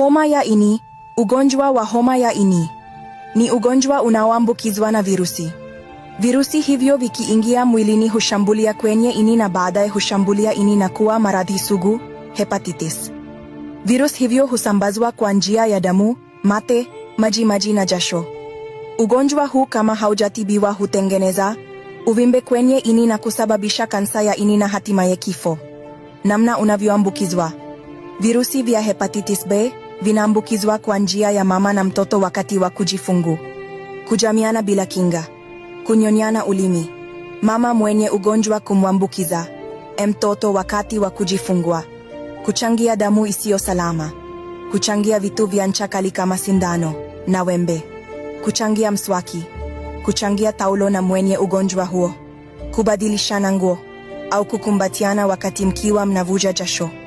Homa ya ini. Ugonjwa wa homa ya ini ni ugonjwa unaoambukizwa na virusi. Virusi hivyo vikiingia mwilini hushambulia kwenye ini na baadaye hushambulia ini na kuwa maradhi sugu, hepatitis. Virusi hivyo husambazwa kwa njia ya damu, mate, maji maji na jasho. Ugonjwa huu kama haujatibiwa hutengeneza uvimbe kwenye ini na kusababisha kansa ya ini na hatimaye kifo. Namna unavyoambukizwa. Virusi vya hepatitis B vinaambukizwa kwa njia ya mama na mtoto wakati wa kujifungu Kujamiana bila kinga, kunyonyana ulimi, mama mwenye ugonjwa kumwambukiza e mtoto wakati wa kujifungua, kuchangia damu isiyo salama, kuchangia vitu vya ncha kali kama sindano na wembe, kuchangia mswaki, kuchangia taulo na mwenye ugonjwa huo, kubadilishana nguo au kukumbatiana wakati mkiwa mnavuja jasho.